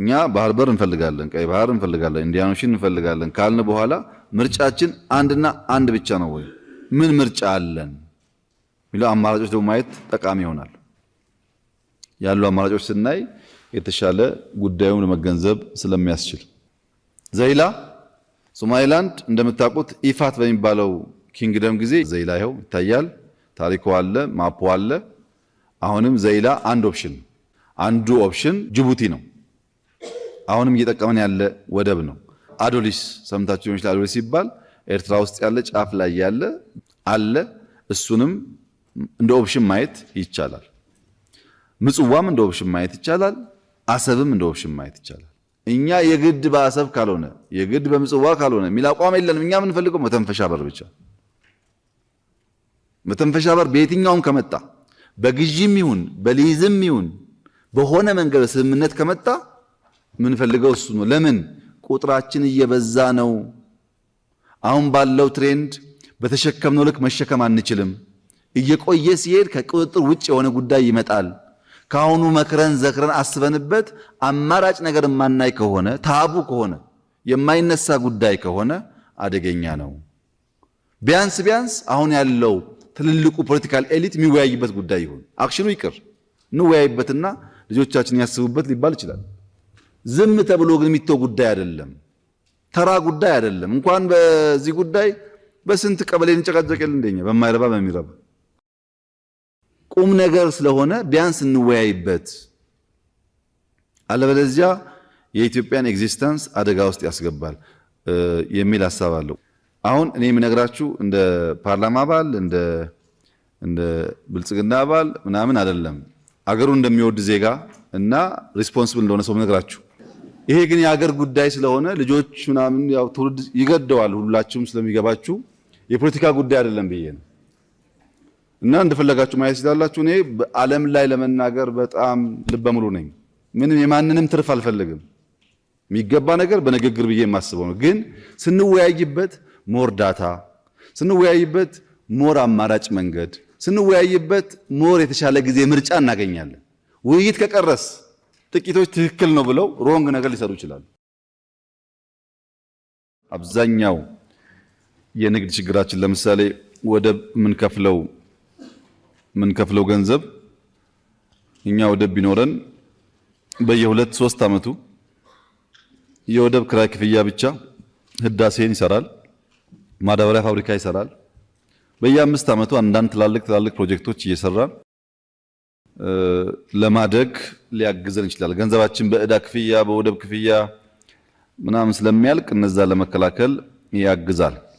እኛ ባህር በር እንፈልጋለን፣ ቀይ ባህር እንፈልጋለን፣ ኢንዲያኖሽን እንፈልጋለን ካልን በኋላ ምርጫችን አንድና አንድ ብቻ ነው ወይ? ምን ምርጫ አለን የሚለው አማራጮች ደግሞ ማየት ጠቃሚ ይሆናል። ያሉ አማራጮች ስናይ የተሻለ ጉዳዩን ለመገንዘብ ስለሚያስችል ዘይላ ሶማሌላንድ እንደምታውቁት ኢፋት በሚባለው ኪንግደም ጊዜ ዘይላ ይኸው ይታያል። ታሪኩ አለ፣ ማፖ አለ። አሁንም ዘይላ አንድ ኦፕሽን አንዱ ኦፕሽን ጅቡቲ ነው። አሁንም እየጠቀመን ያለ ወደብ ነው። አዶሊስ ሰምታችሁ ሊሆን ይችላል። አዶሊስ ሲባል ኤርትራ ውስጥ ያለ ጫፍ ላይ ያለ አለ። እሱንም እንደ ኦፕሽን ማየት ይቻላል። ምጽዋም እንደ ኦፕሽን ማየት ይቻላል። አሰብም እንደ ኦፕሽን ማየት ይቻላል። እኛ የግድ በአሰብ ካልሆነ የግድ በምጽዋ ካልሆነ የሚል አቋም የለንም። እኛ የምንፈልገው መተንፈሻ በር ብቻ። መተንፈሻ በር በየትኛውም ከመጣ በግዥም ይሁን በሊዝም ይሁን በሆነ መንገድ ስምምነት ከመጣ የምንፈልገው እሱ ነው። ለምን ቁጥራችን እየበዛ ነው። አሁን ባለው ትሬንድ በተሸከምነው ልክ መሸከም አንችልም። እየቆየ ሲሄድ ከቁጥጥር ውጭ የሆነ ጉዳይ ይመጣል። ከአሁኑ መክረን ዘክረን አስበንበት አማራጭ ነገር የማናይ ከሆነ ታቡ ከሆነ የማይነሳ ጉዳይ ከሆነ አደገኛ ነው። ቢያንስ ቢያንስ አሁን ያለው ትልልቁ ፖለቲካል ኤሊት የሚወያይበት ጉዳይ ይሁን። አክሽኑ ይቅር፣ እንወያይበትና ልጆቻችን ያስቡበት ሊባል ይችላል። ዝም ተብሎ ግን የሚተው ጉዳይ አይደለም፣ ተራ ጉዳይ አይደለም። እንኳን በዚህ ጉዳይ በስንት ቀበሌ እንጨቃጨቅ እንደኛ በማይረባ በሚረባ ቁም ነገር ስለሆነ ቢያንስ እንወያይበት። አለበለዚያ የኢትዮጵያን ኤግዚስተንስ አደጋ ውስጥ ያስገባል የሚል ሀሳብ አለው። አሁን እኔ የምነግራችሁ እንደ ፓርላማ አባል እንደ ብልጽግና አባል ምናምን አይደለም። አገሩን እንደሚወድ ዜጋ እና ሪስፖንስብል እንደሆነ ሰው ምነግራችሁ ይሄ ግን የሀገር ጉዳይ ስለሆነ ልጆች ምናምን ያው ትውልድ ይገደዋል። ሁላችሁም ስለሚገባችሁ የፖለቲካ ጉዳይ አይደለም ብዬ ነው እና እንደፈለጋችሁ ማየት ይችላላችሁ። እኔ በዓለም ላይ ለመናገር በጣም ልበ ሙሉ ነኝ። ምንም የማንንም ትርፍ አልፈልግም። የሚገባ ነገር በንግግር ብዬ የማስበው ነው። ግን ስንወያይበት ሞር ዳታ፣ ስንወያይበት ሞር አማራጭ መንገድ፣ ስንወያይበት ሞር የተሻለ ጊዜ ምርጫ እናገኛለን። ውይይት ከቀረስ ጥቂቶች ትክክል ነው ብለው ሮንግ ነገር ሊሰሩ ይችላሉ። አብዛኛው የንግድ ችግራችን ለምሳሌ ወደብ የምንከፍለው የምንከፍለው ገንዘብ እኛ ወደብ ቢኖረን በየሁለት ሶስት ዓመቱ የወደብ ክራይ ክፍያ ብቻ ህዳሴን ይሰራል፣ ማዳበሪያ ፋብሪካ ይሰራል። በየአምስት ዓመቱ አንዳንድ ትላልቅ ትላልቅ ፕሮጀክቶች እየሰራ ለማደግ ሊያግዘን ይችላል። ገንዘባችን በእዳ ክፍያ፣ በወደብ ክፍያ ምናምን ስለሚያልቅ እነዛ ለመከላከል ያግዛል።